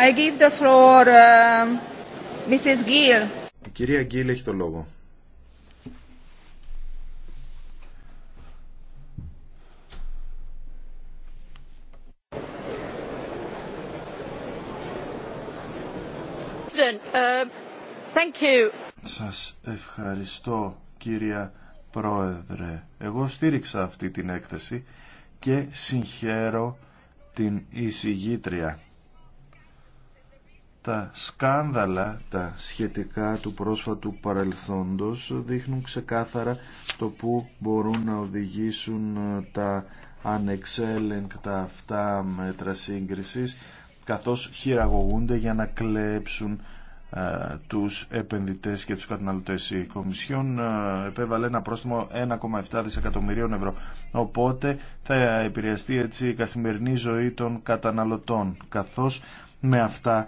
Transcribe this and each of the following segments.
I give the floor, uh, Mrs. Gill. Η κυρία Γκίλ έχει το λόγο. Uh, thank you. ευχαριστώ κυρία Πρόεδρε. Εγώ στήριξα αυτή την έκθεση και συγχαίρω την εισηγήτρια τα σκάνδαλα τα σχετικά του πρόσφατου παρελθόντος δείχνουν ξεκάθαρα το που μπορούν να οδηγήσουν ε, τα ανεξέλεγκτα αυτά μέτρα σύγκρισης καθώς χειραγωγούνται για να κλέψουν ε, τους επενδυτές και τους καταναλωτές. Η Κομισιόν ε, επέβαλε ένα πρόστιμο 1,7 δισεκατομμυρίων ευρώ. Οπότε θα επηρεαστεί έτσι η καθημερινή ζωή των καταναλωτών καθώς με αυτά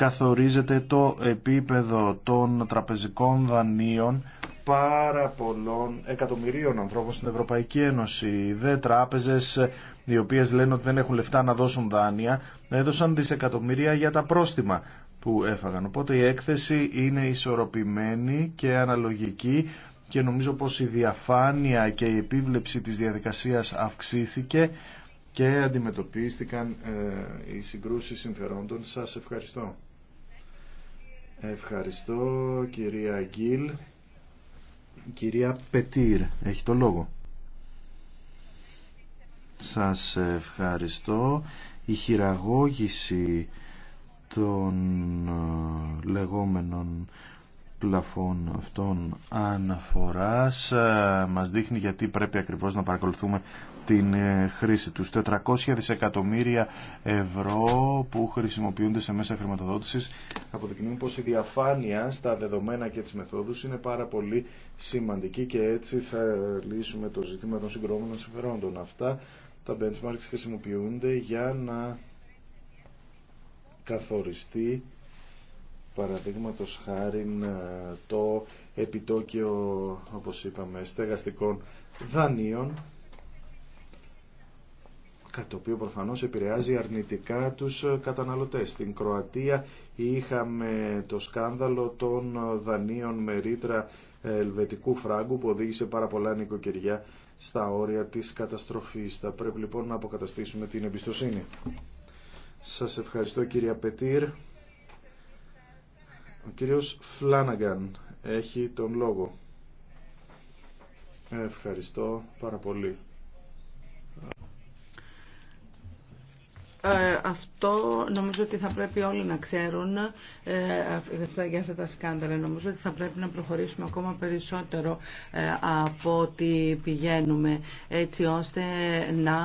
καθορίζεται το επίπεδο των τραπεζικών δανείων πάρα πολλών εκατομμυρίων ανθρώπων στην Ευρωπαϊκή Ένωση. Δε τράπεζες οι οποίες λένε ότι δεν έχουν λεφτά να δώσουν δάνεια, έδωσαν δισεκατομμύρια για τα πρόστιμα που έφαγαν. Οπότε η έκθεση είναι ισορροπημένη και αναλογική και νομίζω πως η διαφάνεια και η επίβλεψη της διαδικασίας αυξήθηκε και αντιμετωπίστηκαν ε, οι συγκρούσεις συμφερόντων. Σας ευχαριστώ. Ευχαριστώ κυρία Γκίλ. Κυρία Πετήρ, έχει το λόγο. Σας ευχαριστώ. Η χειραγώγηση των ε, λεγόμενων πλαφών αυτών αναφοράς ε, μας δείχνει γιατί πρέπει ακριβώς να παρακολουθούμε την ε, χρήση τους. 400 δισεκατομμύρια ευρώ που χρησιμοποιούνται σε μέσα χρηματοδότησης αποδεικνύουν πως η διαφάνεια στα δεδομένα και τις μεθόδους είναι πάρα πολύ σημαντική και έτσι θα λύσουμε το ζήτημα των συγκρόμενων συμφερόντων. Αυτά τα benchmarks χρησιμοποιούνται για να καθοριστεί Παραδείγματο χάρη ε, το επιτόκιο, όπως είπαμε, στεγαστικών δανείων, κατά το οποίο προφανώς επηρεάζει αρνητικά τους καταναλωτές. Στην Κροατία είχαμε το σκάνδαλο των δανείων με ρήτρα ελβετικού φράγκου που οδήγησε πάρα πολλά νοικοκυριά στα όρια της καταστροφής. Θα πρέπει λοιπόν να αποκαταστήσουμε την εμπιστοσύνη. Σας ευχαριστώ κύριε Πετήρ. Ο κύριος Φλάναγκαν έχει τον λόγο. Ευχαριστώ πάρα πολύ Ε, αυτό νομίζω ότι θα πρέπει όλοι να ξέρουν ε, ε, για αυτά τα σκάνδαλα. Νομίζω ότι θα πρέπει να προχωρήσουμε ακόμα περισσότερο από ό,τι πηγαίνουμε έτσι ώστε να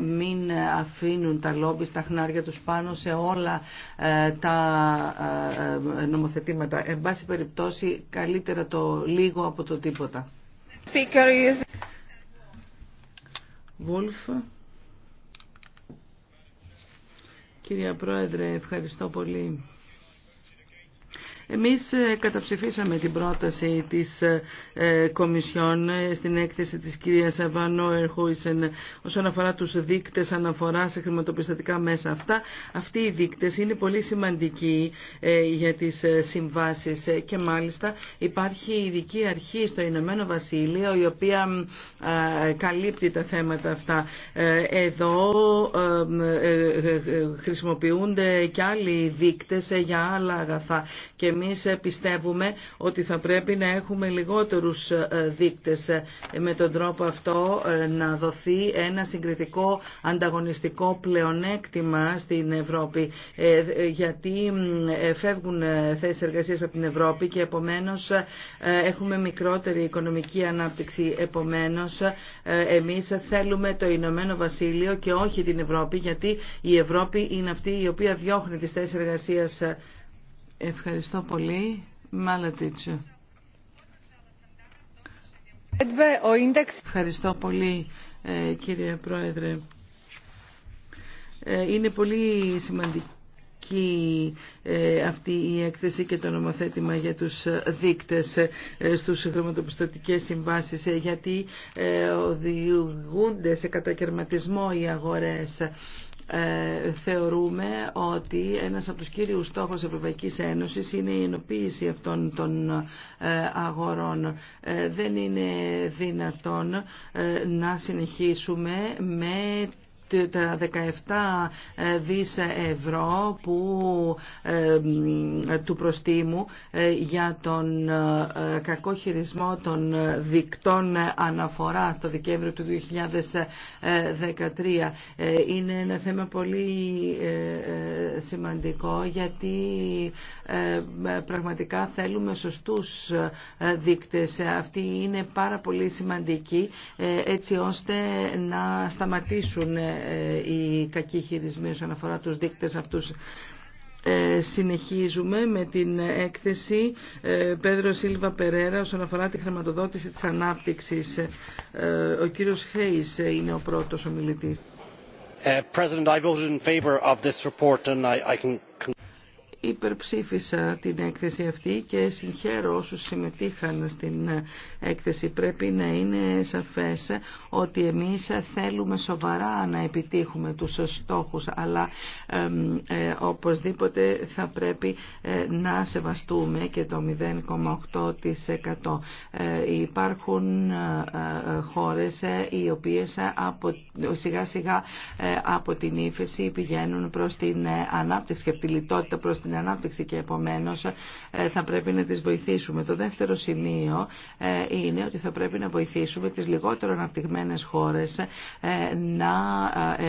μην αφήνουν τα λόμπι στα χνάρια τους πάνω σε όλα τα νομοθετήματα. Εν πάση περιπτώσει καλύτερα το λίγο από το τίποτα. Wolf. Κυρία Πρόεδρε, ευχαριστώ πολύ. Εμείς ε, καταψηφίσαμε την πρόταση της ε, ε, Κομισιόν στην έκθεση της κυρίας Βανό Χούισεν όσον αφορά τους δείκτες αναφορά σε χρηματοπιστωτικά μέσα αυτά. Αυτοί οι δείκτες είναι πολύ σημαντικοί για τις συμβάσεις και μάλιστα υπάρχει ειδική αρχή στο Ηνωμένο Βασίλειο η οποία καλύπτει τα θέματα αυτά. Εδώ χρησιμοποιούνται και άλλοι δείκτες για άλλα αγαθά και εμείς πιστεύουμε ότι θα πρέπει να έχουμε λιγότερους ε, δείκτες ε, με τον τρόπο αυτό ε, να δοθεί ένα συγκριτικό ανταγωνιστικό πλεονέκτημα στην Ευρώπη γιατί φεύγουν θέσεις εργασίας από την Ευρώπη και επομένως έχουμε μικρότερη οικονομική ανάπτυξη επομένως εμείς θέλουμε το Ηνωμένο Βασίλειο και όχι την Ευρώπη γιατί η Ευρώπη είναι αυτή η οποία διώχνει τις θέσεις εργασίας Ευχαριστώ πολύ. Τίτσο. Ευχαριστώ πολύ ε, κύριε Πρόεδρε. Ε, είναι πολύ σημαντική ε, αυτή η έκθεση και το νομοθέτημα για τους δείκτες στους χρηματοπιστωτικές συμβάσεις γιατί οδηγούνται σε κατακαιρματισμό οι αγορές ε, θεωρούμε ότι ένας από τους κύριους στόχους της Ευρωπαϊκής Ένωσης είναι η ενοποίηση αυτών των ε, αγορών. Ε, δεν είναι δυνατόν να συνεχίσουμε με τα 17 ε, δις ευρώ που, ε, του προστίμου ε, για τον κακό χειρισμό των δικτών αναφορά το Δεκέμβριο του 2013. Είναι ένα θέμα πολύ σημαντικό γιατί πραγματικά θέλουμε σωστούς δείκτες. Αυτοί είναι πάρα πολύ σημαντικοί έτσι ώστε να σταματήσουν ε, οι κακοί χειρισμοί όσον αφορά τους δείκτες αυτούς. Ε, συνεχίζουμε με την έκθεση ε, Πέδρο Σίλβα Περέρα όσον αφορά τη χρηματοδότηση της ανάπτυξης. Ο κύριος Χέις είναι ο πρώτος ομιλητής υπερψήφισα την έκθεση αυτή και συγχαίρω όσους συμμετείχαν στην έκθεση. Πρέπει να είναι σαφές ότι εμείς θέλουμε σοβαρά να επιτύχουμε τους στόχους, αλλά ε, ε, οπωσδήποτε θα πρέπει ε, να σεβαστούμε και το 0,8%. Ε, υπάρχουν ε, χώρες οι οποίες από, σιγά σιγά από την ύφεση πηγαίνουν προς την ανάπτυξη και τη προς την την ανάπτυξη και επομένως ε, θα πρέπει να τις βοηθήσουμε. Το δεύτερο σημείο ε, είναι ότι θα πρέπει να βοηθήσουμε τις λιγότερο αναπτυγμένες χώρες ε, να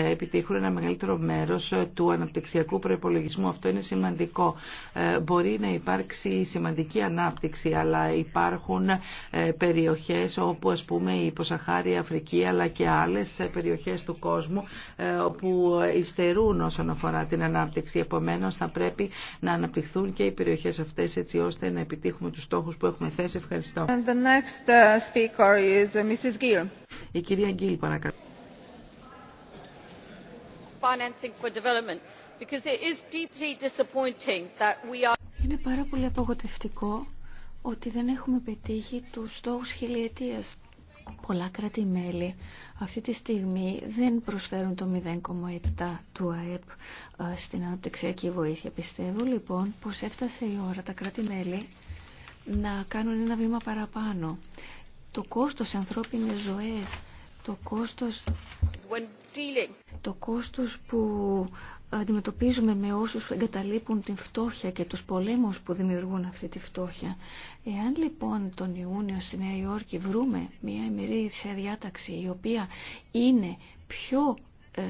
επιτύχουν ένα μεγαλύτερο μέρος του αναπτυξιακού προπολογισμού. Αυτό είναι σημαντικό. Μπορεί να υπάρξει σημαντική ανάπτυξη, αλλά υπάρχουν περιοχές όπου α πούμε η Ποσαχάρη Αφρική αλλά και άλλε περιοχέ του κόσμου που υστερούν όσον αφορά την ανάπτυξη. Επομένω, θα πρέπει να αναπτυχθούν και οι περιοχές αυτές έτσι ώστε να επιτύχουμε τους στόχους που έχουμε θέσει. Ευχαριστώ. next uh, speaker is uh, Mrs. Gill. Η κυρία παρακαλώ. for development, because it is deeply disappointing that we are... Είναι πάρα πολύ απογοτευτικό ότι δεν έχουμε πετύχει τους στόχους χιλιετίας Πολλά κράτη-μέλη αυτή τη στιγμή δεν προσφέρουν το 0,7 του ΑΕΠ ε, στην αναπτυξιακή βοήθεια. Πιστεύω λοιπόν πως έφτασε η ώρα τα κρατη να κάνουν ένα βήμα παραπάνω. Το κόστος ανθρώπινες ζωές, το κόστος... Το κόστος που αντιμετωπίζουμε με όσους εγκαταλείπουν την φτώχεια και τους πολέμους που δημιουργούν αυτή τη φτώχεια. Εάν λοιπόν τον Ιούνιο στη Νέα Υόρκη βρούμε μια ημερήσια διάταξη η οποία είναι πιο ε,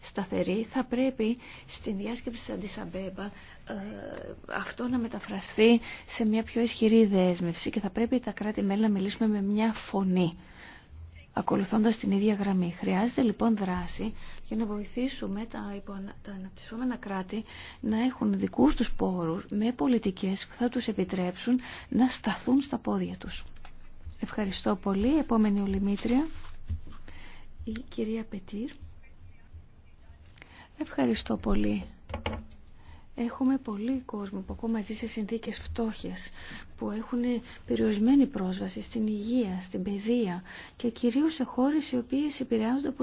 σταθερή, θα πρέπει στην διάσκεψη της Αντισαμπέμπα ε, αυτό να μεταφραστεί σε μια πιο ισχυρή δέσμευση και θα πρέπει τα κράτη-μέλη να μιλήσουμε με μια φωνή ακολουθώντας την ίδια γραμμή. Χρειάζεται λοιπόν δράση για να βοηθήσουμε τα, υποανα... τα αναπτυσσόμενα κράτη να έχουν δικούς τους πόρους με πολιτικές που θα τους επιτρέψουν να σταθούν στα πόδια τους. Ευχαριστώ πολύ. Επόμενη ολιμήτρια, η κυρία Πετήρ. Ευχαριστώ πολύ. Έχουμε πολύ κόσμο που ακόμα ζει σε συνθήκες φτώχειας, που έχουν περιορισμένη πρόσβαση στην υγεία, στην παιδεία και κυρίως σε χώρες οι οποίες επηρεάζονται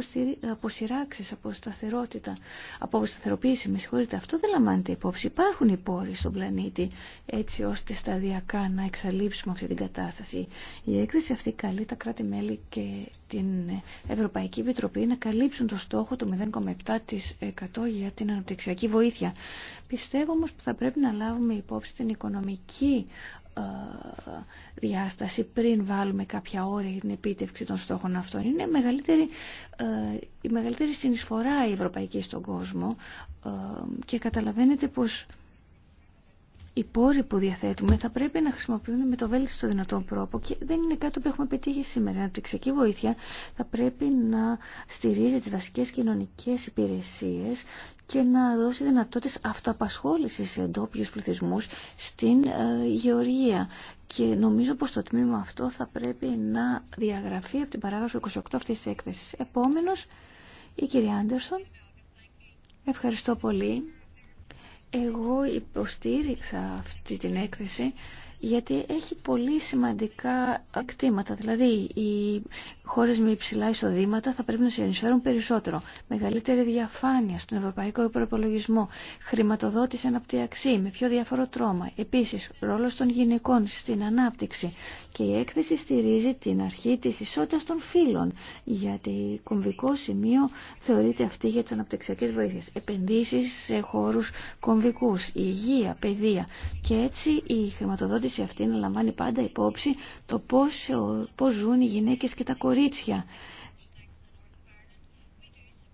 από σειράξεις, από σταθερότητα, από σταθεροποίηση, με συγχωρείτε. Αυτό δεν λαμβάνεται υπόψη. Υπάρχουν οι πόροι στον πλανήτη έτσι ώστε σταδιακά να εξαλείψουμε αυτή την κατάσταση. Η έκθεση αυτή καλεί τα κράτη-μέλη και την Ευρωπαϊκή Επιτροπή να καλύψουν το στόχο του 0,7% για την αναπτυξιακή βοήθεια. Πιστεύω όμως που θα πρέπει να λάβουμε υπόψη την οικονομική ε, διάσταση πριν βάλουμε κάποια όρια για την επίτευξη των στόχων αυτών. Είναι μεγαλύτερη, ε, η μεγαλύτερη συνεισφορά η ευρωπαϊκή στον κόσμο ε, και καταλαβαίνετε πως οι πόροι που διαθέτουμε θα πρέπει να χρησιμοποιούν με το βέλτιστο δυνατόν τρόπο και δεν είναι κάτι που έχουμε πετύχει σήμερα. Η αναπτυξιακή βοήθεια θα πρέπει να στηρίζει τι βασικέ κοινωνικέ υπηρεσίε και να δώσει δυνατότητε αυτοαπασχόληση σε εντόπιου πληθυσμού στην ε, γεωργία. Και νομίζω πω το τμήμα αυτό θα πρέπει να διαγραφεί από την παράγραφο 28 αυτή τη έκθεση. Επόμενο, η κυρία Άντερσον. Ευχαριστώ πολύ. Εγώ υποστήριξα αυτή την έκθεση γιατί έχει πολύ σημαντικά κτήματα. Δηλαδή, οι χώρε με υψηλά εισοδήματα θα πρέπει να συνεισφέρουν περισσότερο. Μεγαλύτερη διαφάνεια στον ευρωπαϊκό προπολογισμό, χρηματοδότηση αναπτυαξή με πιο διαφορό τρόμα. Επίση, ρόλο των γυναικών στην ανάπτυξη. Και η έκθεση στηρίζει την αρχή τη ισότητα των φύλων, γιατί κομβικό σημείο θεωρείται αυτή για τι αναπτυξιακέ βοήθειε. Επενδύσει σε χώρου κομβικού. υγεία, παιδεία. Και έτσι η χρηματοδότηση ερώτηση αυτή να λαμβάνει πάντα υπόψη το πώς, πώς ζουν οι γυναίκες και τα κορίτσια.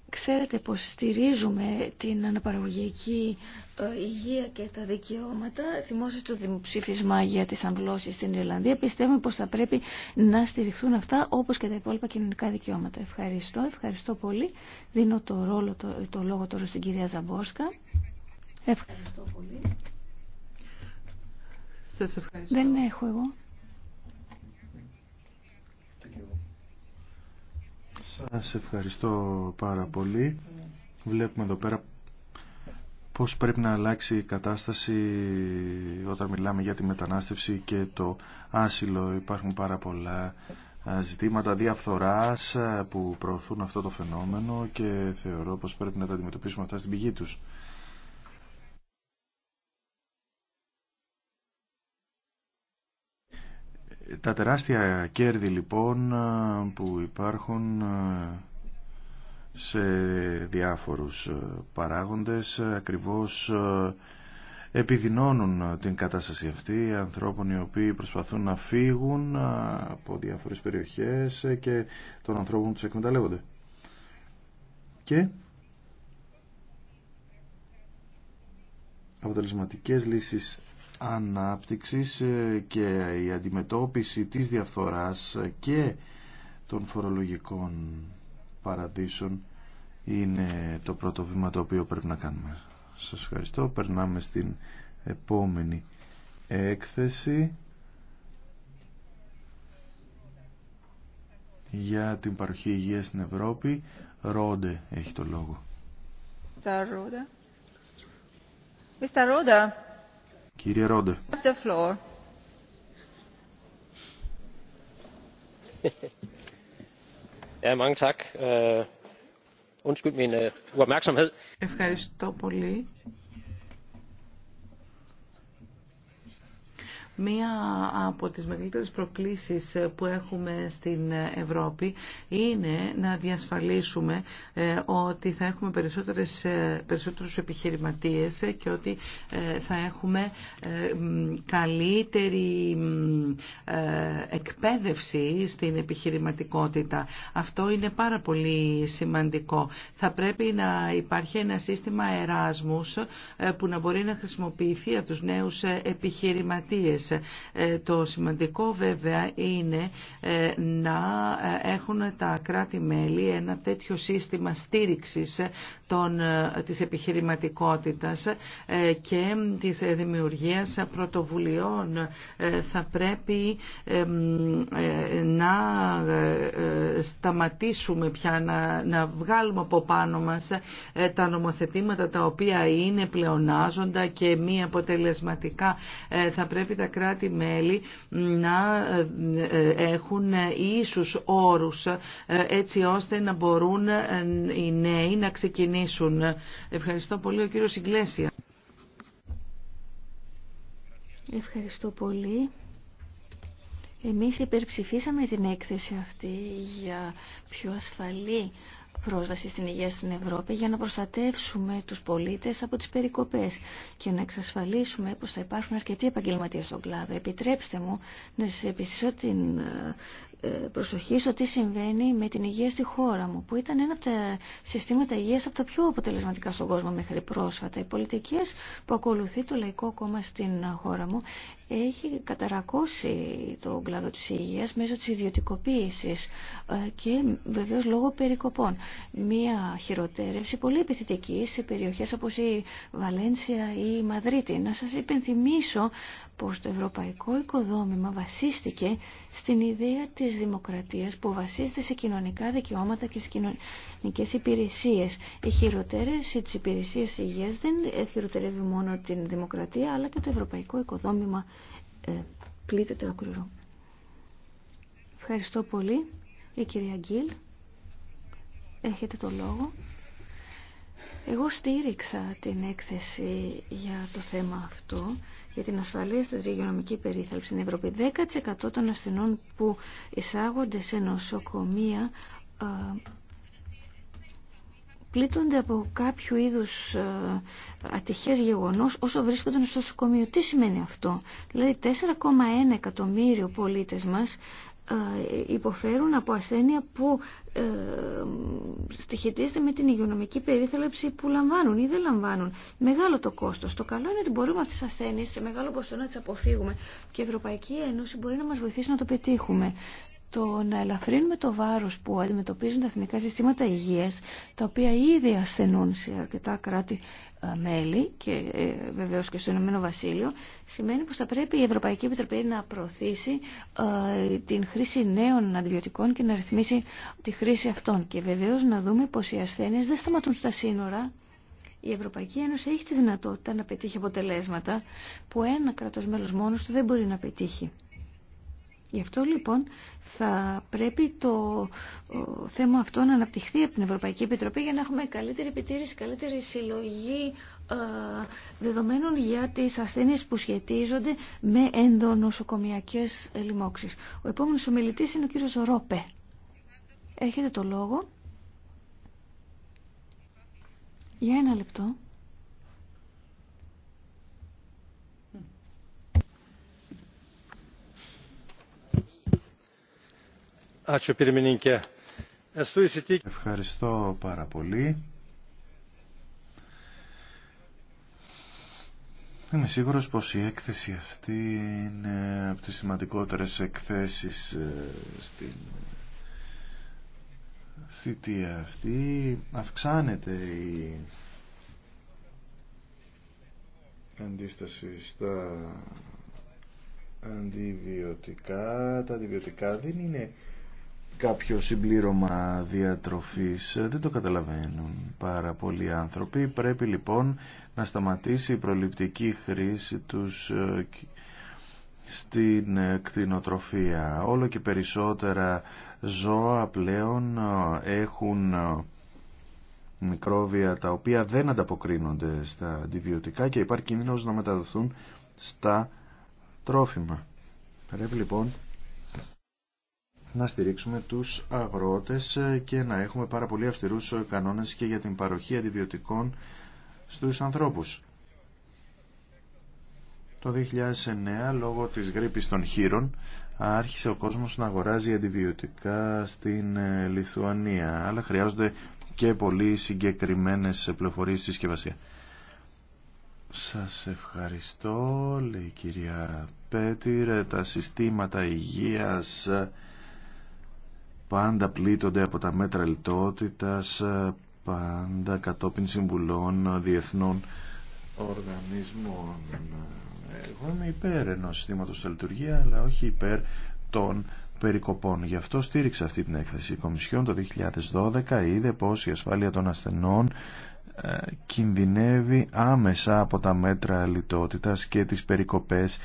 Ξέρετε πως στηρίζουμε την αναπαραγωγική ε, υγεία και τα δικαιώματα. Θυμόσαστε το δημοψήφισμα για τις αμβλώσεις στην Ιρλανδία. Πιστεύουμε πως θα πρέπει να στηριχθούν αυτά όπως και τα υπόλοιπα κοινωνικά δικαιώματα. Ευχαριστώ, ευχαριστώ πολύ. Δίνω το, ρόλο, το, το λόγο τώρα στην κυρία Ζαμπόσκα. Ευχαριστώ πολύ. Σας ευχαριστώ. Δεν έχω εγώ. Σας ευχαριστώ πάρα πολύ. Βλέπουμε εδώ πέρα πώς πρέπει να αλλάξει η κατάσταση όταν μιλάμε για τη μετανάστευση και το άσυλο. Υπάρχουν πάρα πολλά ε, ζητήματα διαφθοράς ε, που προωθούν αυτό το φαινόμενο και θεωρώ πως πρέπει να τα αντιμετωπίσουμε αυτά στην πηγή τους. Τα τεράστια κέρδη λοιπόν που υπάρχουν ε, σε διάφορους ε, παράγοντες ε, ακριβώς επιδεινώνουν την κατάσταση αυτή ανθρώπων οι οποίοι προσπαθούν να φύγουν από διάφορες περιοχές και των ανθρώπων που τους εκμεταλλεύονται. Και αποτελεσματικές λύσεις ανάπτυξης ε, και η αντιμετώπιση της διαφθοράς ε, και των φορολογικών παραδείσων είναι το πρώτο βήμα το οποίο πρέπει να κάνουμε. Σας ευχαριστώ. Περνάμε στην επόμενη έκθεση για την παροχή υγείας στην Ευρώπη. Ρόντε έχει το λόγο. Mr. Κύριε Ρόντε. Ευχαριστώ πολύ. Μία από τις μεγαλύτερες προκλήσεις που έχουμε στην Ευρώπη είναι να διασφαλίσουμε ε, ότι θα έχουμε περισσότερες, ε, περισσότερους επιχειρηματίες και ότι ε, θα έχουμε καλύτερη εκπαίδευση στην επιχειρηματικότητα. Αυτό είναι πάρα πολύ σημαντικό. Θα πρέπει να υπάρχει ένα σύστημα εράσμους που να μπορεί να χρησιμοποιηθεί από τους νέους επιχειρηματίες ε, το σημαντικό βέβαια είναι ε, να ε, έχουν τα κράτη-μέλη ένα τέτοιο σύστημα στήριξης των, της επιχειρηματικότητας και της δημιουργίας πρωτοβουλειών. Θα πρέπει να σταματήσουμε πια, να, να βγάλουμε από πάνω μας τα νομοθετήματα τα οποία είναι πλεονάζοντα και μη αποτελεσματικά. Θα πρέπει κράτη-μέλη να ε, έχουν ίσους όρους ε, έτσι ώστε να μπορούν ε, οι νέοι να ξεκινήσουν. Ευχαριστώ πολύ ο κύριος Ιγκλέσια. Ευχαριστώ πολύ. Εμείς υπερψηφίσαμε την έκθεση αυτή για πιο ασφαλή πρόσβαση στην υγεία στην Ευρώπη για να προστατεύσουμε τους πολίτες από τις περικοπές και να εξασφαλίσουμε πως θα υπάρχουν αρκετοί επαγγελματίες στον κλάδο. Επιτρέψτε μου να σας επιστήσω την ε, προσοχή στο τι συμβαίνει με την υγεία στη χώρα μου, που ήταν ένα από τα συστήματα υγεία από τα πιο αποτελεσματικά στον κόσμο μέχρι πρόσφατα. Οι πολιτικές που ακολουθεί το Λαϊκό Κόμμα στην χώρα μου έχει καταρακώσει το κλάδο τη υγεία μέσω τη ιδιωτικοποίηση ε, και βεβαίω λόγω περικοπών. Μία χειροτέρευση πολύ επιθετική σε περιοχέ όπω η Βαλένσια ή η Μαδρίτη. Να σας υπενθυμίσω πως το ευρωπαϊκό οικοδόμημα βασίστηκε στην ιδέα τη της δημοκρατίας που βασίζεται σε κοινωνικά δικαιώματα και σε κοινωνικές υπηρεσίες. Η χειροτέρευση της υπηρεσίας υγείας δεν χειροτερεύει μόνο την δημοκρατία αλλά και το ευρωπαϊκό οικοδόμημα ε, πλήττεται ακριβώς. Ευχαριστώ πολύ. Η κυρία Γκίλ, έχετε το λόγο. Εγώ στήριξα την έκθεση για το θέμα αυτό, για την ασφαλεία στη υγειονομική περίθαλψη στην Ευρώπη. 10% των ασθενών που εισάγονται σε νοσοκομεία πλήττονται από κάποιο είδους ατυχές γεγονός όσο βρίσκονται στο νοσοκομείο. Τι σημαίνει αυτό. Δηλαδή 4,1 εκατομμύριο πολίτες μας ε, υποφέρουν από ασθένεια που ε, στοιχετίζεται με την υγειονομική περίθαλψη που λαμβάνουν ή δεν λαμβάνουν. Μεγάλο το κόστος. Το καλό είναι ότι μπορούμε αυτές τις ασθένειες σε μεγάλο ποσοστό να τις αποφύγουμε και η Ευρωπαϊκή Ένωση μπορεί να μας βοηθήσει να το πετύχουμε το να ελαφρύνουμε το βάρος που αντιμετωπίζουν τα εθνικά συστήματα υγείας, τα οποία ήδη ασθενούν σε αρκετά κράτη ε, μέλη και ε, βεβαίως και στο Ηνωμένο Βασίλειο, σημαίνει πως θα πρέπει η Ευρωπαϊκή Επιτροπή να προωθήσει ε, την χρήση νέων αντιβιωτικών και να ρυθμίσει τη χρήση αυτών. Και βεβαίως να δούμε πως οι ασθένειες δεν σταματούν στα σύνορα, η Ευρωπαϊκή Ένωση έχει τη δυνατότητα να πετύχει αποτελέσματα που ένα κράτος μέλος μόνος του δεν μπορεί να πετύχει. Γι' αυτό λοιπόν θα πρέπει το θέμα αυτό να αναπτυχθεί από την Ευρωπαϊκή Επιτροπή για να έχουμε καλύτερη επιτήρηση, καλύτερη συλλογή ε, δεδομένων για τις ασθένειες που σχετίζονται με ενδονοσοκομιακές λοιμώξεις. Ο επόμενος ομιλητής είναι ο κύριος Ρόπε. Έχετε το λόγο. Για ένα λεπτό. Ευχαριστώ πάρα πολύ. Είμαι σίγουρος πως η έκθεση αυτή είναι από τις σημαντικότερες εκθέσεις ε, στην θητεία αυτή. Αυξάνεται η αντίσταση στα αντιβιωτικά. Τα αντιβιωτικά δεν είναι κάποιο συμπλήρωμα διατροφής. Δεν το καταλαβαίνουν πάρα πολλοί άνθρωποι. Πρέπει λοιπόν να σταματήσει η προληπτική χρήση τους ε, στην ε, κτηνοτροφία. Όλο και περισσότερα ζώα πλέον ε, έχουν μικρόβια τα οποία δεν ανταποκρίνονται στα αντιβιωτικά και υπάρχει κίνδυνος να μεταδοθούν στα τρόφιμα. Πρέπει λοιπόν να στηρίξουμε τους αγρότες και να έχουμε πάρα πολύ αυστηρούς κανόνες και για την παροχή αντιβιωτικών στους ανθρώπους. Το 2009, λόγω της γρήπης των χείρων, άρχισε ο κόσμος να αγοράζει αντιβιωτικά στην ε, Λιθουανία, αλλά χρειάζονται και πολύ συγκεκριμένες πληροφορίες στη συσκευασία. Σας ευχαριστώ, λέει η κυρία Πέτυρε, τα συστήματα υγείας πάντα πλήττονται από τα μέτρα λιτότητας, ε, πάντα κατόπιν συμβουλών διεθνών οργανισμών. Εγώ είμαι υπέρ ενός συστήματος στα λειτουργία, αλλά όχι υπέρ των περικοπών. Γι' αυτό στήριξα αυτή την έκθεση. Η Κομισιόν το 2012 είδε πως η ασφάλεια των ασθενών ε, κινδυνεύει άμεσα από τα μέτρα λιτότητας και τις περικοπές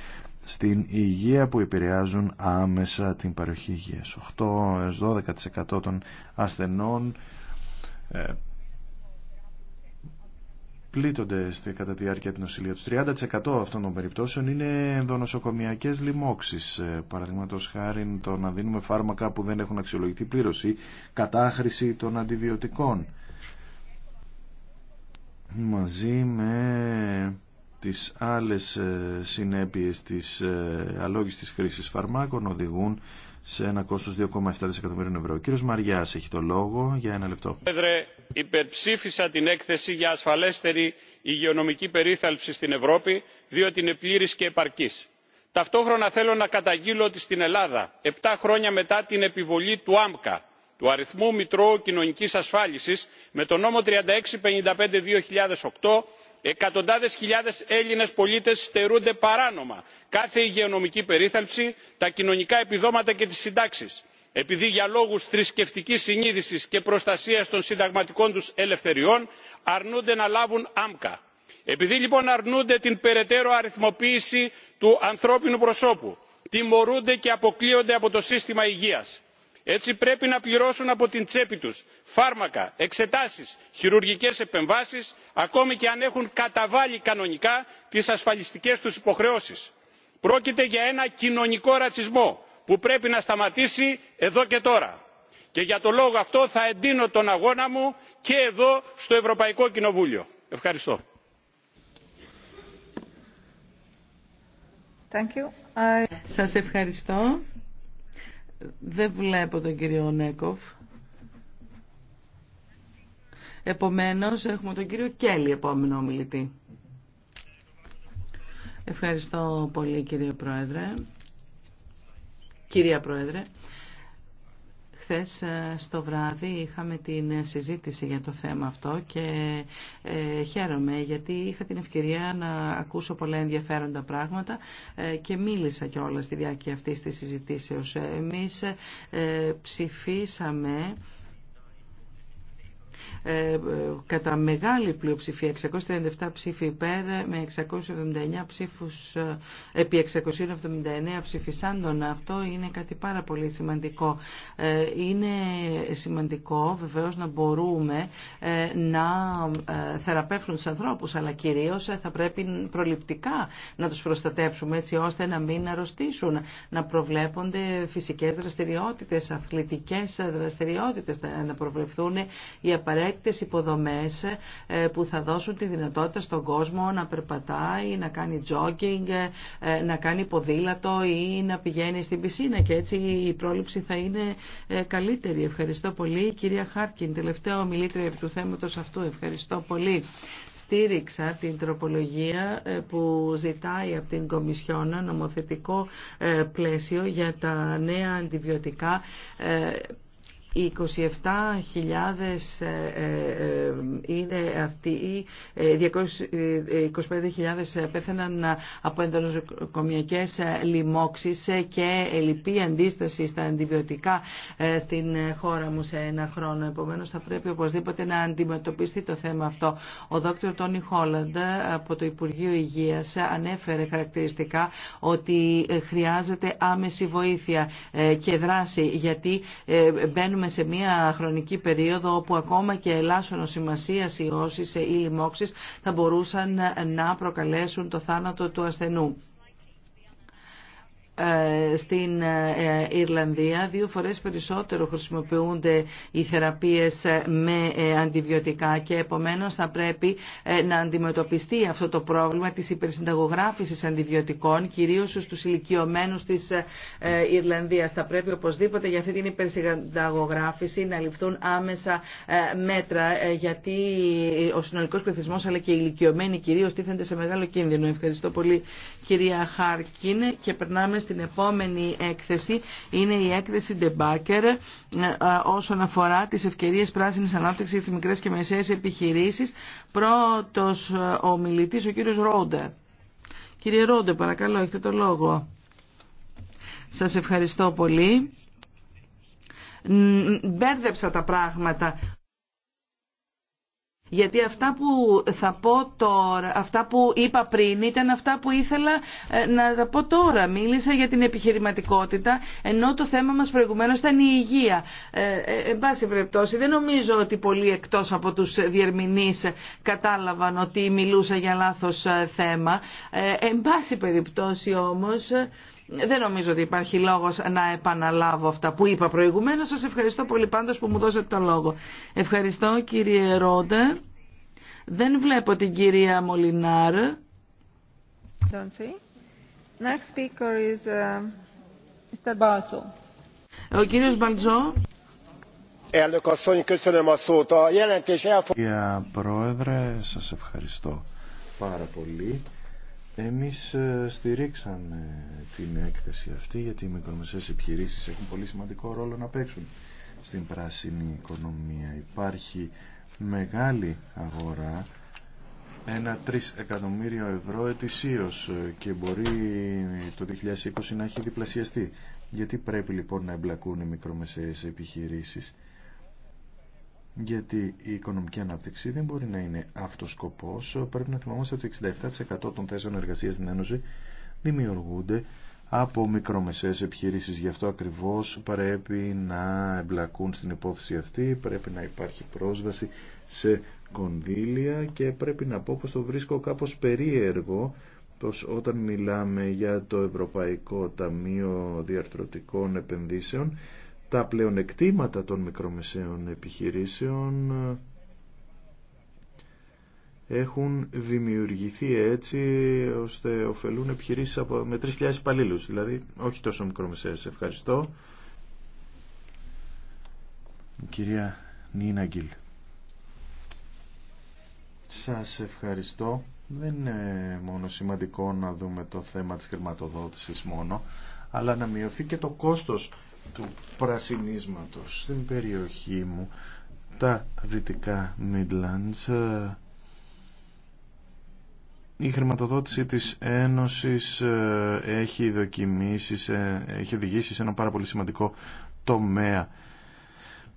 στην υγεία που επηρεάζουν άμεσα την παροχή υγείας. 8-12% των ασθενών ε, πλήττονται κατά τη διάρκεια της νοσηλεία τους. 30% αυτών των περιπτώσεων είναι ενδονοσοκομιακές λοιμώξεις. Ε, Παραδείγματο χάρη το να δίνουμε φάρμακα που δεν έχουν αξιολογηθεί πλήρωση, κατάχρηση των αντιβιωτικών. Μαζί με τις άλλες ε, συνέπειες της ε, της χρήσης φαρμάκων οδηγούν σε ένα κόστος 2,7 δισεκατομμυρίων ευρώ. Ο κύριος Μαριάς έχει το λόγο για ένα λεπτό. Πέδρε, υπερψήφισα την έκθεση για ασφαλέστερη υγειονομική περίθαλψη στην Ευρώπη, διότι είναι πλήρης και επαρκής. Ταυτόχρονα θέλω να καταγγείλω ότι στην Ελλάδα, 7 χρόνια μετά την επιβολή του ΆΜΚΑ, του αριθμού Μητρώου Κοινωνικής Ασφάλισης, με το νόμο 3655-2008, εκατοντάδες χιλιάδες έλληνες πολίτες στερούνται παράνομα κάθε υγειονομική περίθαλψη τα κοινωνικά επιδόματα και τις συντάξεις επειδή για λόγους θρησκευτικής συνείδησης και προστασίας των συνταγματικών τους ελευθεριών αρνούνται να λάβουν άμκα. επειδή λοιπόν αρνούνται την περαιτέρω αριθμοποίηση του ανθρώπινου προσώπου τιμωρούνται και αποκλείονται από το σύστημα υγείας έτσι πρέπει να πληρώσουν από την τσέπη τους φάρμακα εξετάσεις χειρουργικές επεμβάσεις ακόμη και αν έχουν καταβάλει κανονικά τις ασφαλιστικές τους υποχρεώσεις. πρόκειται για ένα κοινωνικό ρατσισμό που πρέπει να σταματήσει εδώ και τώρα και για τον λόγο αυτό θα εντείνω τον αγώνα μου και εδώ στο ευρωπαϊκό κοινοβούλιο. ευχαριστώ. ευχαριστώ. Δεν βλέπω τον κύριο Νέκοφ. Επομένως, έχουμε τον κύριο Κέλλη, επόμενο ομιλητή. Ευχαριστώ πολύ, κύριε Πρόεδρε. Κυρία Πρόεδρε. Χθες ε, στο βράδυ είχαμε την συζήτηση για το θέμα αυτό και ε, χαίρομαι γιατί είχα την ευκαιρία να ακούσω πολλά ενδιαφέροντα πράγματα ε, και μίλησα και όλα στη διάρκεια αυτής της συζητήσεως. Εμείς ψηφίσαμε ε, ε, κατά μεγάλη πλειοψηφία 637 ψήφοι υπέρ με 679 ψήφους ε, επί 679 ψηφισάντων. Αυτό είναι κάτι πάρα πολύ σημαντικό. Είναι σημαντικό βεβαίως να μπορούμε να θεραπεύσουμε τους ανθρώπους αλλά κυρίως θα πρέπει προληπτικά να τους προστατεύσουμε έτσι ώστε να μην αρρωστήσουν, να προβλέπονται φυσικές δραστηριότητες, αθλητικές δραστηριότητες, να προβλεφθούν οι απαραίτητες έκτες υποδομές ε, που θα δώσουν τη δυνατότητα στον κόσμο να περπατάει, να κάνει jogging, ε, να κάνει ποδήλατο ή να πηγαίνει στην πισίνα και έτσι η πρόληψη θα είναι ε, καλύτερη. Ευχαριστώ πολύ. Κυρία Χάρκιν, τελευταία ομιλήτρια του θέματος αυτού. Ευχαριστώ πολύ στήριξα την τροπολογία που ζητάει από την Κομισιόνα νομοθετικό πλαίσιο για τα νέα αντιβιωτικά οι 27.000 ε, ε, ε, είναι αυτοί 25.000 πέθαναν από ενδονοσοκομιακές λοιμώξεις και ελλειπή αντίσταση στα αντιβιωτικά στην χώρα μου σε ένα χρόνο. Επομένως θα πρέπει οπωσδήποτε να αντιμετωπιστεί το θέμα αυτό. Ο δόκτωρ Τόνι Χόλαντ από το Υπουργείο Υγείας ανέφερε χαρακτηριστικά ότι χρειάζεται άμεση βοήθεια και δράση γιατί μπαίνουμε σε μια χρονική περίοδο όπου ακόμα και ελάσσονο σημασία ιώσεις ή λοιμώξεις θα μπορούσαν να προκαλέσουν το θάνατο του ασθενού ε, στην ε, ε, Ιρλανδία δύο φορές περισσότερο χρησιμοποιούνται οι θεραπείες ε, με αντιβιωτικά και επομένως θα πρέπει να αντιμετωπιστεί αυτό το πρόβλημα της υπερσυνταγογράφησης αντιβιωτικών κυρίως στους ηλικιωμένους της Ιρλανδίας. Θα πρέπει οπωσδήποτε για αυτή την υπερσυνταγογράφηση να ληφθούν άμεσα μέτρα γιατί ο συνολικός πληθυσμός αλλά και οι ηλικιωμένοι κυρίως τίθενται σε μεγάλο κίνδυνο. Ευχαριστώ πολύ κυρία Χάρκιν και περνάμε στην επόμενη επόμενη έκθεση είναι η έκθεση DeBacker ε, όσον αφορά τις ευκαιρίες πράσινης ανάπτυξης στις τις μικρές και μεσαίες επιχειρήσεις. Πρώτος ε, ο μιλητής, ο κύριος Ρόντε. Κύριε Ρόντε, παρακαλώ, έχετε το λόγο. Σας ευχαριστώ πολύ. Μπέρδεψα τα πράγματα. Γιατί αυτά που θα πω τώρα, αυτά που είπα πριν ήταν αυτά που ήθελα ε, να τα πω τώρα. Μίλησα για την επιχειρηματικότητα, ενώ το θέμα μας προηγουμένως ήταν η υγεία. Ε, ε εν πάση περιπτώσει, δεν νομίζω ότι πολλοί εκτός από τους διερμηνείς κατάλαβαν ότι μιλούσα για λάθος ε, θέμα. Ε, εν πάση περιπτώσει όμως... Δεν νομίζω ότι υπάρχει λόγος να επαναλάβω αυτά που είπα προηγουμένως. Σας ευχαριστώ πολύ πάντως που μου δώσατε τον λόγο. Ευχαριστώ κύριε Ρόντε. Δεν βλέπω την κυρία Μολινάρ. Next speaker is, uh, Mr. Balzo. Ο κύριος Μπαλτζό. Κύριε Πρόεδρε, σας ευχαριστώ πάρα πολύ. Εμείς ε, στηρίξαμε την έκθεση αυτή γιατί οι μικρομεσαίες επιχειρήσεις έχουν πολύ σημαντικό ρόλο να παίξουν στην πράσινη οικονομία. Υπάρχει μεγάλη αγορά, ένα 3 εκατομμύριο ευρώ ετησίως ε, και μπορεί το 2020 να έχει διπλασιαστεί. Γιατί πρέπει λοιπόν να εμπλακούν οι μικρομεσαίες επιχειρήσεις γιατί η οικονομική ανάπτυξη δεν μπορεί να είναι αυτός σκοπός. Πρέπει να θυμάμαστε ότι 67% των θέσεων εργασίας στην Ένωση δημιουργούνται από μικρομεσαίες επιχειρήσεις. Γι' αυτό ακριβώς πρέπει να εμπλακούν στην υπόθεση αυτή, πρέπει να υπάρχει πρόσβαση σε κονδύλια και πρέπει να πω πως το βρίσκω κάπως περίεργο πως όταν μιλάμε για το Ευρωπαϊκό Ταμείο Διαρθρωτικών Επενδύσεων τα πλεονεκτήματα των μικρομεσαίων επιχειρήσεων ε, έχουν δημιουργηθεί έτσι ώστε ωφελούν επιχειρήσεις από, με 3.000 υπαλλήλους, δηλαδή όχι τόσο μικρομεσαίες. Ευχαριστώ. κυρία Νίνα Γκίλ. Σας ευχαριστώ. Δεν είναι μόνο σημαντικό να δούμε το θέμα της χρηματοδότησης μόνο, αλλά να μειωθεί και το κόστος του πρασινίσματος στην περιοχή μου τα δυτικά Midlands ε, η χρηματοδότηση της Ένωσης ε, έχει δοκιμήσει, ε, έχει οδηγήσει σε ένα πάρα πολύ σημαντικό τομέα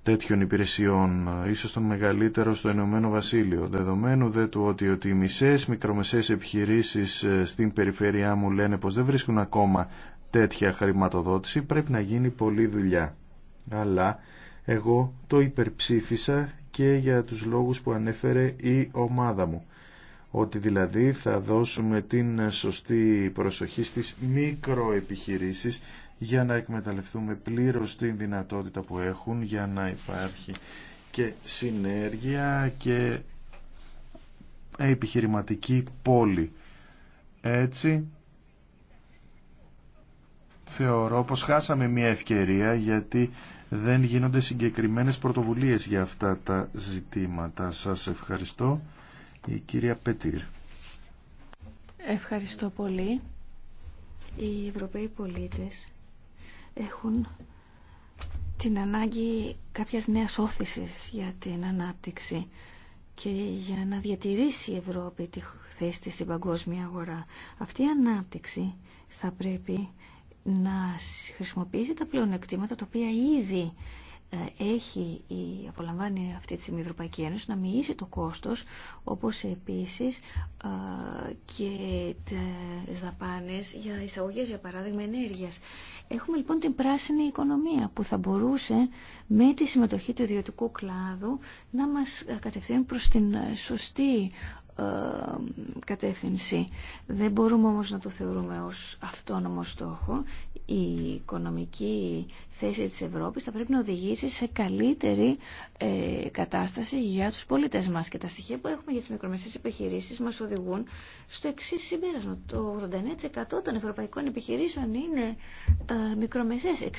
τέτοιων υπηρεσιών, ίσως τον μεγαλύτερο στο Ηνωμένο Βασίλειο. Δεδομένου δε του ότι, ότι οι μισές μικρομεσαίες επιχειρήσεις στην περιφέρειά μου λένε πως δεν βρίσκουν ακόμα τέτοια χρηματοδότηση πρέπει να γίνει πολλή δουλειά. Αλλά εγώ το υπερψήφισα και για τους λόγους που ανέφερε η ομάδα μου. Ότι δηλαδή θα δώσουμε την σωστή προσοχή στις μικροεπιχειρήσεις για να εκμεταλλευτούμε πλήρως την δυνατότητα που έχουν για να υπάρχει και συνέργεια και επιχειρηματική πόλη. Έτσι θεωρώ πως χάσαμε μια ευκαιρία γιατί δεν γίνονται συγκεκριμένες πρωτοβουλίες για αυτά τα ζητήματα. Σας ευχαριστώ. Η κυρία Πετήρ. Ευχαριστώ πολύ. Οι Ευρωπαίοι πολίτες έχουν την ανάγκη κάποιας νέας όθησης για την ανάπτυξη και για να διατηρήσει η Ευρώπη τη θέση της στην παγκόσμια αγορά. Αυτή η ανάπτυξη θα πρέπει να χρησιμοποιήσει τα πλεονεκτήματα τα οποία ήδη ε, έχει ή απολαμβάνει αυτή τη στιγμή η Ευρωπαϊκή Ένωση να μειήσει το κόστος όπως επίσης ε, και τις δαπάνες για εισαγωγές για παράδειγμα ενέργειας. Έχουμε λοιπόν την πράσινη οικονομία που θα μπορούσε με τη συμμετοχή του ιδιωτικού κλάδου να μας κατευθύνει προς την σωστή ε, κατεύθυνση. Δεν μπορούμε όμως να το θεωρούμε ως αυτόνομο στόχο. Η οικονομική θέση της Ευρώπης θα πρέπει να οδηγήσει σε καλύτερη ε, κατάσταση για τους πολίτες μας. Και τα στοιχεία που έχουμε για τις μικρομεσαίες επιχειρήσεις μας οδηγούν στο εξή συμπέρασμα. Το 89% των ευρωπαϊκών επιχειρήσεων είναι ε, μικρομεσαίες. 67%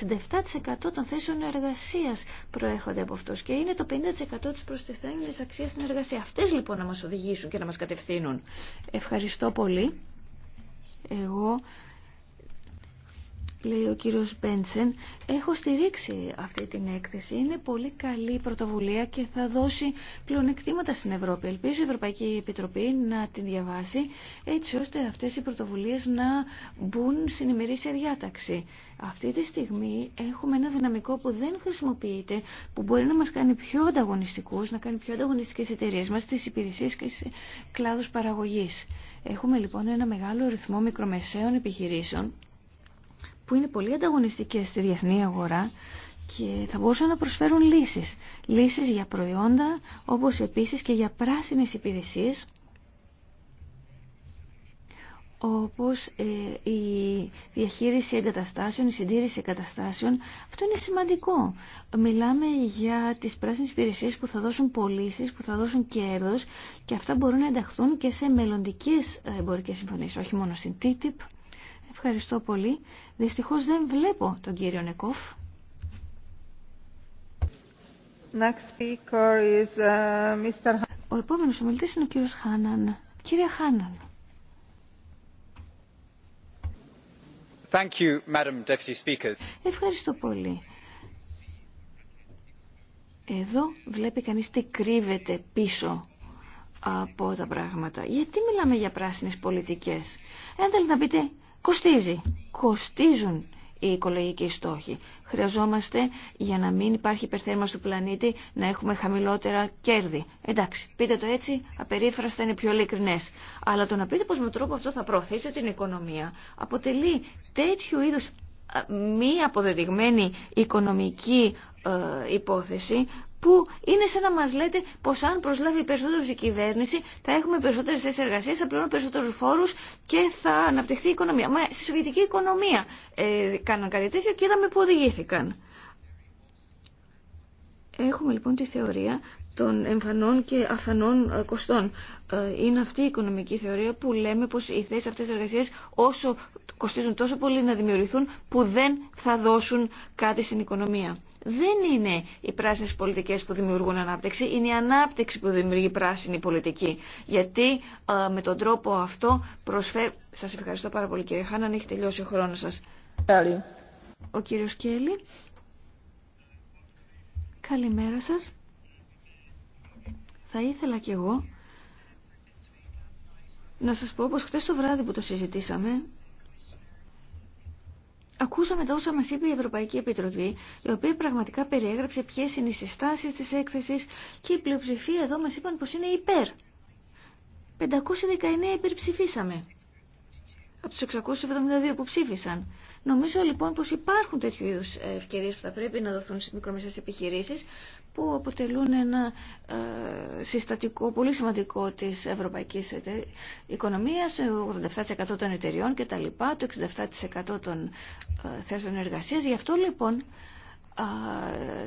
των θέσεων εργασίας προέρχονται από αυτός και είναι το 50% της προστιθέμενης αξίας στην εργασία. Αυτές λοιπόν να μας οδηγήσουν και να μας κατευθύνουν. Ευχαριστώ πολύ. Εγώ λέει ο κύριος Μπέντσεν, έχω στηρίξει αυτή την έκθεση. Είναι πολύ καλή πρωτοβουλία και θα δώσει πλεονεκτήματα στην Ευρώπη. Ελπίζω η Ευρωπαϊκή Επιτροπή να την διαβάσει έτσι ώστε αυτές οι πρωτοβουλίες να μπουν στην ημερήσια διάταξη. Αυτή τη στιγμή έχουμε ένα δυναμικό που δεν χρησιμοποιείται, που μπορεί να μας κάνει πιο ανταγωνιστικούς, να κάνει πιο ανταγωνιστικές εταιρείες μας στις υπηρεσίες και στις κλάδους παραγωγής. Έχουμε λοιπόν ένα μεγάλο ρυθμό μικρομεσαίων επιχειρήσεων που είναι πολύ ανταγωνιστικές στη διεθνή αγορά και θα μπορούσαν να προσφέρουν λύσεις. Λύσεις για προϊόντα, όπως επίσης και για πράσινες υπηρεσίες, όπως ε, η διαχείριση εγκαταστάσεων, η συντήρηση εγκαταστάσεων. Αυτό είναι σημαντικό. Μιλάμε για τις πράσινες υπηρεσίες που θα δώσουν πωλήσει, που θα δώσουν κέρδος και αυτά μπορούν να ενταχθούν και σε μελλοντικές ε, εμπορικές συμφωνίες, όχι μόνο στην TTIP. Ευχαριστώ πολύ. Δυστυχώς δεν βλέπω τον κύριο Νεκόφ. Next speaker uh, Ο επόμενος ομιλητής είναι ο κύριος Χάναν. Κύριε Χάναν. Ευχαριστώ πολύ. Εδώ βλέπει κανείς τι κρύβεται πίσω από τα πράγματα. Γιατί μιλάμε για πράσινες πολιτικές. Εάν θέλετε να πείτε κοστίζει. Κοστίζουν οι οικολογικοί στόχοι. Χρειαζόμαστε για να μην υπάρχει υπερθέρμα στο πλανήτη να έχουμε χαμηλότερα κέρδη. Εντάξει, πείτε το έτσι, απερίφραστα είναι πιο ειλικρινέ. Αλλά το να πείτε πω με τρόπο αυτό θα προωθήσετε την οικονομία αποτελεί τέτοιου είδου μη αποδεδειγμένη οικονομική ε, υπόθεση που είναι σαν να μας λέτε πως αν προσλάβει περισσότερους η κυβέρνηση θα έχουμε περισσότερες θέσεις εργασίας, θα πληρώνουμε περισσότερους φόρους και θα αναπτυχθεί η οικονομία. Μα στη Σοβιετική οικονομία ε, κάναν κάτι τέτοιο και είδαμε που οδηγήθηκαν. Έχουμε λοιπόν τη θεωρία των εμφανών και αφανών ε, κοστών. Ε, είναι αυτή η οικονομική θεωρία που λέμε πως οι θέσεις αυτές της εργασίας όσο κοστίζουν τόσο πολύ να δημιουργηθούν που δεν θα δώσουν κάτι στην οικονομία. Δεν είναι οι πράσινες πολιτικές που δημιουργούν ανάπτυξη, είναι η ανάπτυξη που δημιουργεί πράσινη πολιτική. Γιατί ε, με τον τρόπο αυτό προσφέρει... Σας ευχαριστώ πάρα πολύ κύριε Χάναν, έχει τελειώσει ο χρόνος σας. Ο κύριος Κέλλη. Καλημέρα σας. Θα ήθελα κι εγώ να σας πω πως χτες το βράδυ που το συζητήσαμε Ακούσαμε τα όσα μας είπε η Ευρωπαϊκή Επιτροπή, η οποία πραγματικά περιέγραψε ποιες είναι οι συστάσεις της έκθεσης και η πλειοψηφία εδώ μας είπαν πως είναι υπέρ. 519 υπερψηφίσαμε από τους 672 που ψήφισαν. Νομίζω λοιπόν πως υπάρχουν τέτοιου είδου ευκαιρίες που θα πρέπει να δοθούν στις μικρομεσαίες επιχειρήσεις που αποτελούν ένα ε, συστατικό πολύ σημαντικό της ευρωπαϊκής ε, οικονομίας, 87% ε, των εταιριών και τα λοιπά, το 67% των θέσεων εργασίας. Γι' αυτό λοιπόν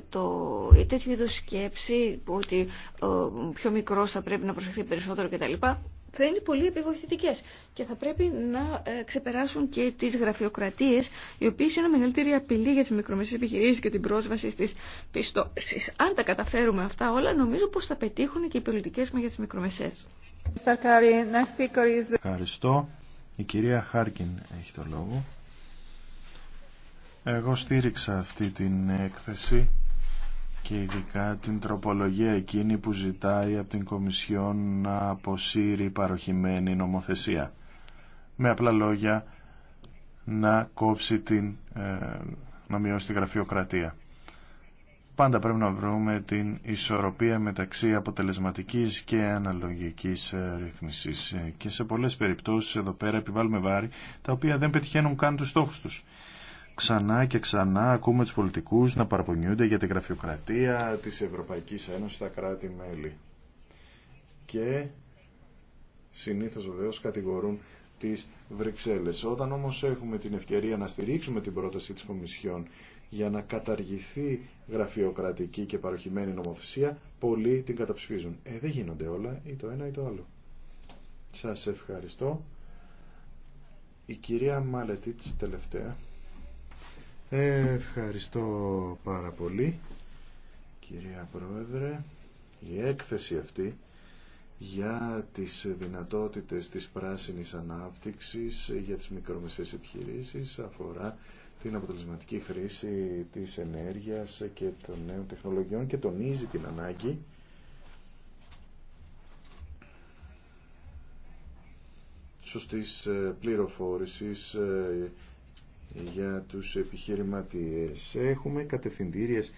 το, η τέτοιου είδους σκέψη που ότι πιο μικρός θα πρέπει να προσεχθεί περισσότερο κτλ θα είναι πολύ επιβοηθητικέ και θα πρέπει να ε, ξεπεράσουν και τις γραφειοκρατίες οι οποίε είναι μεγαλύτερη απειλή για τι μικρομεσαίες επιχειρήσεις και την πρόσβαση στις πιστώσεις. Αν τα καταφέρουμε αυτά όλα νομίζω πως θα πετύχουν και οι πολιτικέ μα για τι μικρομεσαίες. Ευχαριστώ. Η κυρία Χάρκιν έχει το λόγο. Εγώ στήριξα αυτή την έκθεση και ειδικά την τροπολογία εκείνη που ζητάει από την Κομισιόν να αποσύρει παροχημένη νομοθεσία. Με απλά λόγια να κόψει την, ε, να μειώσει τη γραφειοκρατία. Πάντα πρέπει να βρούμε την ισορροπία μεταξύ αποτελεσματικής και αναλογικής ε, ρυθμισής. Ε, και σε πολλές περιπτώσεις εδώ πέρα επιβάλλουμε βάρη τα οποία δεν πετυχαίνουν καν τους στόχους τους ξανά και ξανά ακούμε τους πολιτικούς να παραπονιούνται για τη γραφειοκρατία της Ευρωπαϊκής Ένωσης στα κράτη-μέλη. Και συνήθως βεβαίω κατηγορούν τις Βρυξέλλες. Όταν όμως έχουμε την ευκαιρία να στηρίξουμε την πρόταση της Κομισιόν για να καταργηθεί γραφειοκρατική και παροχημένη νομοθεσία, πολλοί την καταψηφίζουν. Ε, δεν γίνονται όλα, ή το ένα ή το άλλο. Σας ευχαριστώ. Η κυρία Μαλετίτς τελευταία. Ευχαριστώ πάρα πολύ, κυρία Πρόεδρε. Η έκθεση αυτή για τις δυνατότητες της πράσινης ανάπτυξης για τις μικρομεσαίες επιχειρήσεις αφορά την αποτελεσματική χρήση της ενέργειας και των νέων τεχνολογιών και τονίζει την ανάγκη σωστής ε, πληροφόρησης ε, για τους επιχειρηματίες. Έχουμε κατευθυντήριες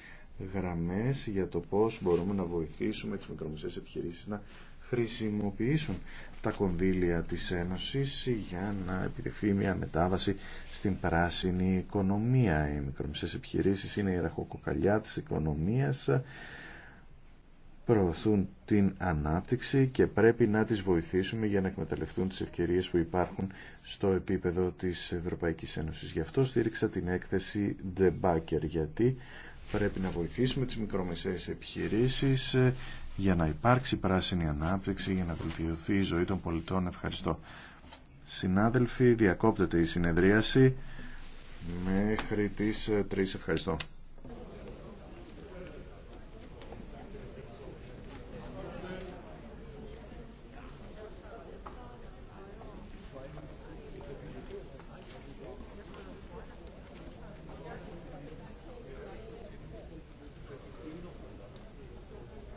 γραμμές για το πώς μπορούμε να βοηθήσουμε τις μικρομεσαίες επιχειρήσεις να χρησιμοποιήσουν τα κονδύλια της Ένωσης για να επιτευχθεί μια μετάβαση στην πράσινη οικονομία. Οι μικρομεσαίες επιχειρήσεις είναι η ραχοκοκαλιά της οικονομίας προωθούν την ανάπτυξη και πρέπει να τις βοηθήσουμε για να εκμεταλλευτούν τις ευκαιρίες που υπάρχουν στο επίπεδο της Ευρωπαϊκής Ένωσης. Γι' αυτό στήριξα την έκθεση The Backer, γιατί πρέπει να βοηθήσουμε τις μικρομεσαίες επιχειρήσεις ε, για να υπάρξει πράσινη ανάπτυξη, για να βελτιωθεί η ζωή των πολιτών. Ευχαριστώ. Συνάδελφοι, διακόπτεται η συνεδρίαση μέχρι τις 3. Ε, Ευχαριστώ.